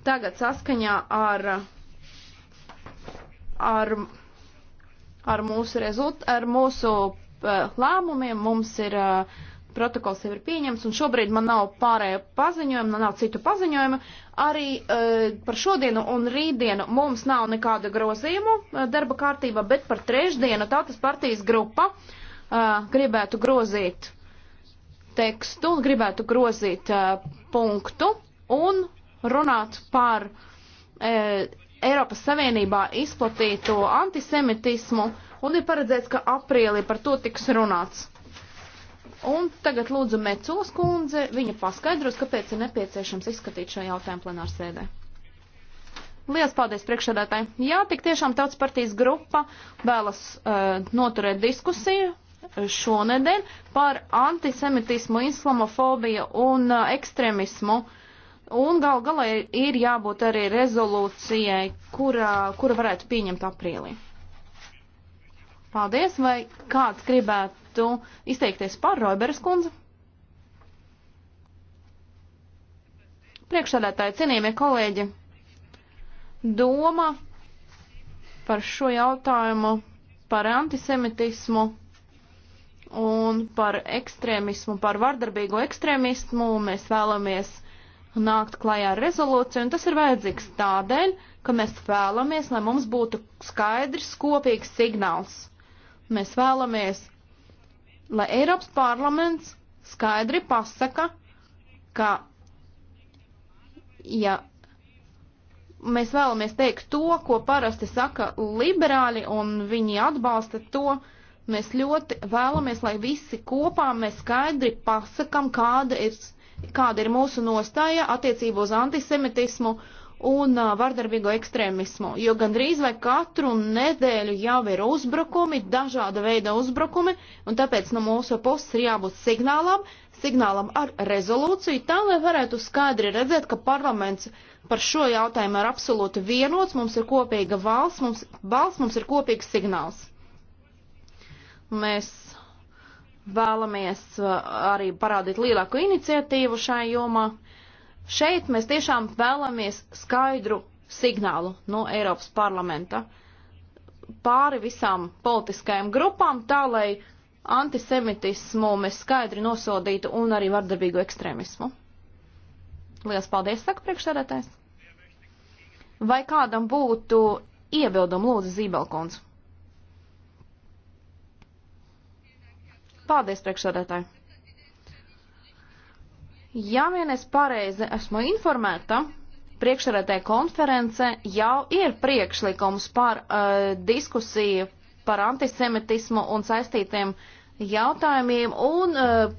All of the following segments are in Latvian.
Tagad saskaņā ar, ar, ar mūsu, rezult, ar mūsu eh, lēmumiem mums ir eh, protokols jau ir pieņemts, un šobrīd man nav pārējā paziņojuma, nav citu paziņojumu. Arī uh, par šodienu un rītdienu mums nav nekāda grozījumu uh, darba kārtībā, bet par trešdienu tautas partijas grupa uh, gribētu grozīt tekstu, gribētu grozīt uh, punktu, un runāt par e, Eiropas Savienībā izplatīto antisemitismu, un ir paredzēts, ka aprīlī par to tiks runāts. Un tagad lūdzu Meculas kundze, viņa paskaidros, kāpēc ir nepieciešams izskatīt šo jautājumu plenārsēdē. Lielas paldies priekšsēdētāji. Jā, tik tiešām tautas partijas grupa vēlas uh, noturēt diskusiju šonedēļ par antisemitismu, islamofobiju un uh, e, ekstremismu. Uh, Un gal galā ir, ir jābūt arī rezolūcijai, kura, kura varētu pieņemt aprīlī. Paldies, vai kāds gribētu izteikties par Roiberas kundzi? Priekšsēdētāji, cienījamie kolēģi, doma par šo jautājumu, par antisemitismu un par ekstrēmismu, par vardarbīgo ekstrēmismu mēs vēlamies nākt klajā ar rezolūciju, un tas ir vajadzīgs tādēļ, ka mēs vēlamies, lai mums būtu skaidrs, kopīgs signāls. Mēs vēlamies, lai Eiropas parlaments skaidri pasaka, ka, ja mēs vēlamies teikt to, ko parasti saka liberāļi, un viņi atbalsta to, mēs ļoti vēlamies, lai visi kopā mēs skaidri pasakam, kāda ir kāda ir mūsu nostāja attiecībā uz antisemitismu un uh, vardarbīgo ekstrēmismu, jo gandrīz vai katru nedēļu jau ir uzbrukumi, dažāda veida uzbrukumi, un tāpēc no mūsu puses ir jābūt signālam, signālam ar rezolūciju, tā lai varētu skaidri redzēt, ka parlaments par šo jautājumu ir absolūti vienots, mums ir kopīga valsts, mums, valsts, mums ir kopīgs signāls. Mēs vēlamies uh, arī parādīt lielāku iniciatīvu šai jomā. Šeit mēs tiešām vēlamies skaidru signālu no Eiropas parlamenta pāri visām politiskajām grupām, tā lai antisemitismu mēs skaidri nosodītu un arī vardarbīgu ekstrēmismu. Lielas paldies, saka priekšsēdētājs. Vai kādam būtu iebildumi lūdzu Zībelkons? Paldies, priekšsādātāji! Ja vien es pareizi esmu informēta, priekšsēdētāja konference jau ir priekšlikums par uh, diskusiju par antisemitismu un saistītiem jautājumiem, un uh,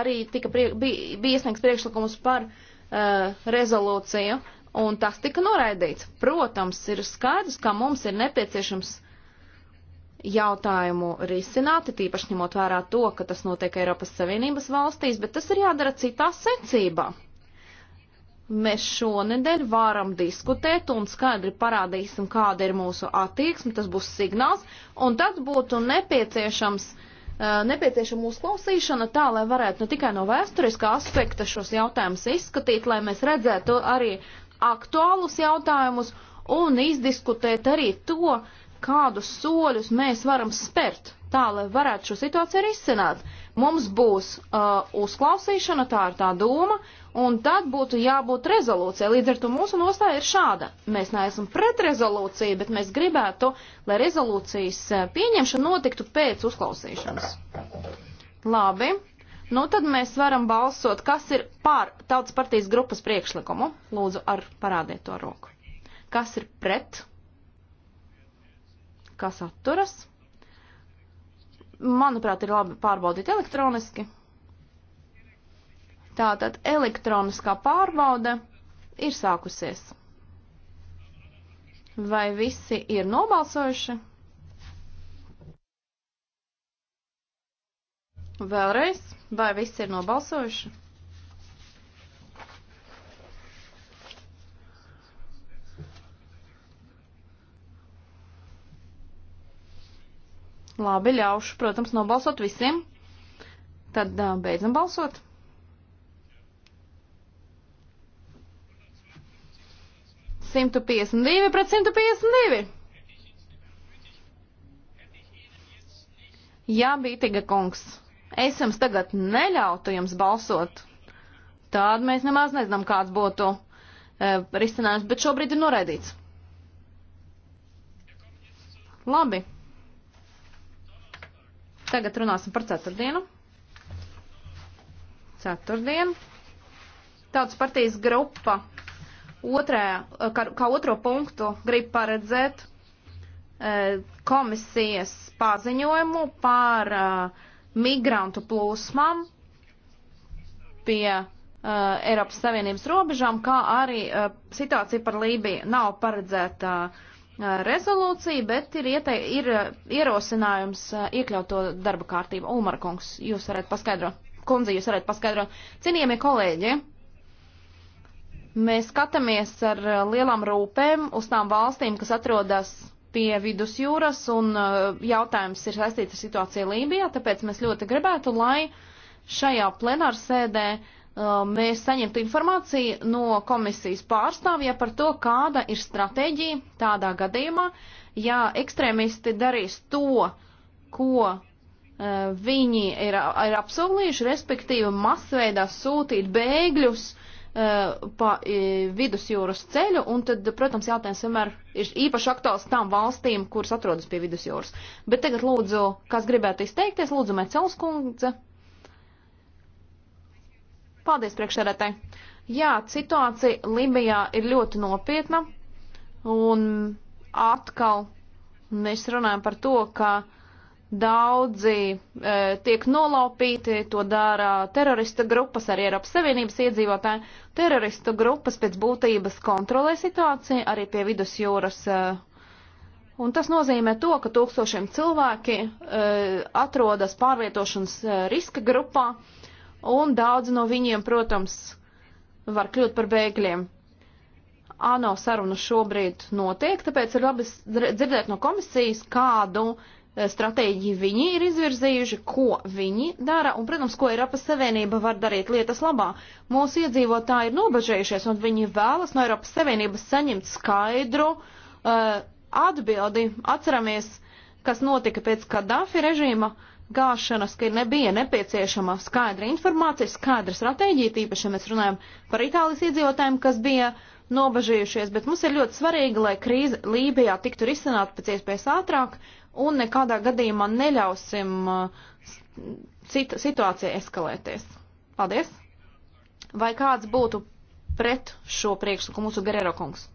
arī tika prie, bija, bija iesniegts priekšlikums par uh, rezolūciju, un tas tika noraidīts. Protams, ir skaidrs, ka mums ir nepieciešams jautājumu risināti, tīpaši ņemot vērā to, ka tas notiek Eiropas Savienības valstīs, bet tas ir jādara citā secībā. Mēs šonedēļ varam diskutēt un skaidri parādīsim, kāda ir mūsu attieksme, tas būs signāls, un tad būtu nepieciešams, eh, nepieciešama uzklausīšana tā, lai varētu ne tikai no vēsturiskā aspekta šos jautājumus izskatīt, lai mēs redzētu arī aktuālus jautājumus un izdiskutēt arī to, uh, kādus soļus mēs varam spērt tā, lai varētu šo situāciju arī izsināt. Mums būs uh, uzklausīšana, tā ir tā doma, un tad būtu jābūt rezolūcijai. Līdz ar to mūsu nostāja ir šāda. Mēs neesam pret rezolūciju, bet mēs gribētu, lai rezolūcijas uh, pieņemšana notiktu pēc uzklausīšanas. Labi. Nu, tad mēs varam balsot, kas ir pār tautas partijas grupas priekšlikumu. Lūdzu, ar parādiet to roku. Kas ir pret? kas atturas. Manuprāt, ir labi pārbaudīt elektroniski. Tātad elektroniskā pārbaude ir sākusies. Vai visi ir nobalsojuši? Vēlreiz, vai visi ir nobalsojuši? Labi, ļaušu, protams, nobalsot visiem. Tad uh, beidzam balsot. Simtu piecdesmit divi pret simtu piecdesmit divi. Jā, Bītiga kungs, es jums tagad neļautu jums balsot. Tādu mēs nemaz nezinām, kāds būtu e, risinājums, bet šobrīd ir noraidīts. Labi. Tagad runāsim par ceturtdienu. Ceturtdienu. Tautas partijas grupa otrē, kā, kā otro punktu grib paredzēt e, komisijas paziņojumu par e, migrantu plūsmām pie e, Eiropas Savienības robežām, kā arī e, situācija par Lībiju nav paredzēta rezolūciju, bet ir, iete, ir ierosinājums iekļaut to darba kārtību. Ulmar kungs, jūs varat paskaidrot, kundze, jūs varat paskaidrot. Cienījamie kolēģi, mēs skatāmies ar lielām rūpēm uz tām valstīm, kas atrodas pie vidusjūras, un jautājums ir saistīts ar situāciju Lībijā, tāpēc mēs ļoti gribētu, lai šajā plenārsēdē Um, mēs saņemtu informāciju no komisijas pārstāvja par to, kāda ir stratēģija tādā gadījumā, ja ekstrēmisti darīs to, ko uh, viņi ir, ir apsolījuši, respektīvi masveidā sūtīt bēgļus uh, pa uh, vidusjūras ceļu, un tad, protams, jautājums vienmēr ir īpaši aktuāls tām valstīm, kuras atrodas pie vidusjūras. Bet tagad lūdzu, kas gribētu izteikties, lūdzu, Mecels kundze. Paldies, priekšsēdētāji. Jā, situācija Libijā ir ļoti nopietna, un atkal mēs runājam par to, ka daudzi e, tiek nolaupīti, to dara terorista grupas, arī Eiropas Savienības iedzīvotāji. Teroristu grupas pēc būtības kontrolē situāciju arī pie vidus jūras. E, un tas nozīmē to, ka tūkstošiem cilvēki e, atrodas pārvietošanas e, riska grupā. E, un daudzi no viņiem, protams, var kļūt par bēgļiem. ANO saruna šobrīd notiek, tāpēc ir labi dzirdēt no komisijas, kādu eh, stratēģiju viņi ir izvirzījuši, ko viņi dara un, protams, ko Eiropas Savienība var darīt lietas labā. Mūsu iedzīvotāji ir nobežējušies un viņi vēlas no Eiropas Savienības saņemt skaidru uh, atbildi. Atceramies, kas notika pēc Kadafi režīma. Uh, gāšanas, ka nebija nepieciešama skaidra informācija, skaidra stratēģija, tīpaši, ja mēs runājam par Itālijas iedzīvotājiem, kas bija nobažījušies, bet mums ir ļoti svarīgi, lai krīze Lībijā tiktu risināta pēc iespējas ātrāk un nekādā gadījumā neļausim cita uh, situācija eskalēties. Paldies! Vai kāds būtu pret šo priekšlikumu mūsu Gerero kungs?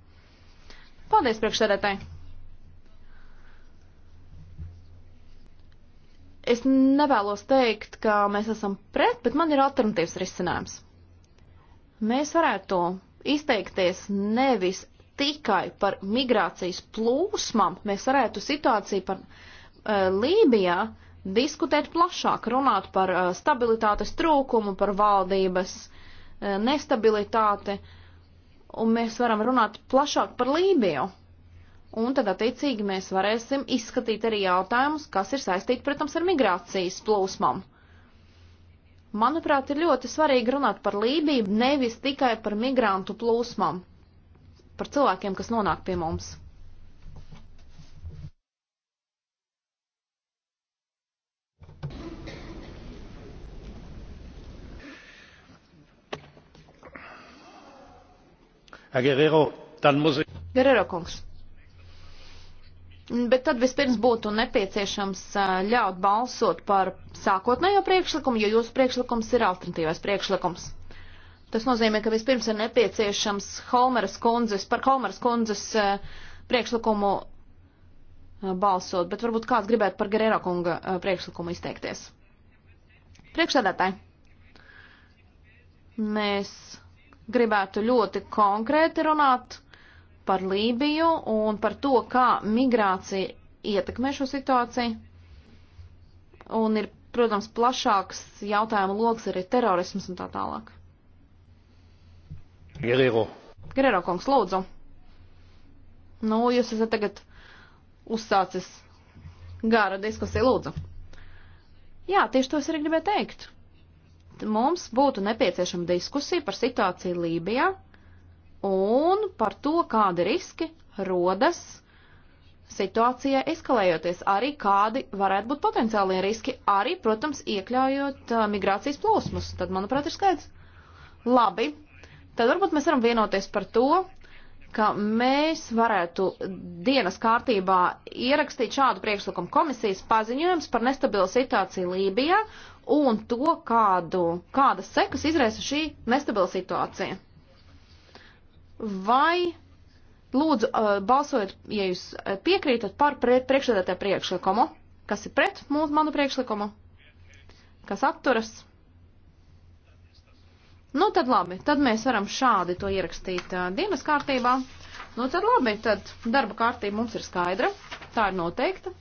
Paldies priekšsēdētāji! es nevēlos teikt, ka mēs esam pret, bet man ir alternatīvs risinājums. Mēs varētu izteikties nevis tikai par migrācijas plūsmām, mēs varētu situāciju par uh, Lībijā diskutēt plašāk, runāt par uh, stabilitātes trūkumu, par valdības uh, nestabilitāti, un mēs varam runāt plašāk par Lībiju. Un tad, attiecīgi, mēs varēsim izskatīt arī jautājumus, kas ir saistīti, protams, ar migrācijas plūsmām. Manuprāt, ir ļoti svarīgi runāt par Lībiju, nevis tikai par migrantu plūsmām, par cilvēkiem, kas nonāk pie mums. Guerrero, dann muss ich. Guerrero kungs. Bet tad vispirms būtu nepieciešams ļaut balsot par sākotnējo priekšlikumu, jo jūsu priekšlikums ir alternatīvais priekšlikums. Tas nozīmē, ka vispirms ir nepieciešams Holmeras kundzes, par Holmeras kundzes priekšlikumu balsot, bet varbūt kāds gribētu par Gerēra kunga priekšlikumu izteikties. Priekšsēdētāji, mēs gribētu ļoti konkrēti runāt par Lībiju un par to, kā migrācija ietekmē šo situāciju. Un ir, protams, plašāks jautājuma lokus arī terorisms un tā tālāk. Gerero. Gerero kungs, lūdzu. Nu, jūs esat tagad uzsācis gara diskusiju, lūdzu. Jā, tieši to es arī gribēju teikt. Mums būtu nepieciešama diskusija par situāciju Lībijā un par to, kādi riski rodas situācijā eskalējoties, arī kādi varētu būt potenciālie riski, arī, protams, iekļaujot uh, migrācijas plūsmas. Tad, manuprāt, ir skaidrs. Labi, tad varbūt mēs varam vienoties par to, ka mēs varētu dienas kārtībā ierakstīt šādu priekšlikumu komisijas paziņojums par nestabilu situāciju Lībijā un to, kādu, kādas sekas izraisa šī nestabila situācija vai lūdzu uh, balsojiet, ja jūs uh, piekrītat par pre priekšsēdētāju priekšlikumu, kas ir pret mūsu manu priekšlikumu, kas atturas. Nu, tad labi, tad mēs varam šādi to ierakstīt uh, dienas kārtībā. Nu, tad labi, tad darba kārtība mums ir skaidra, tā ir noteikta.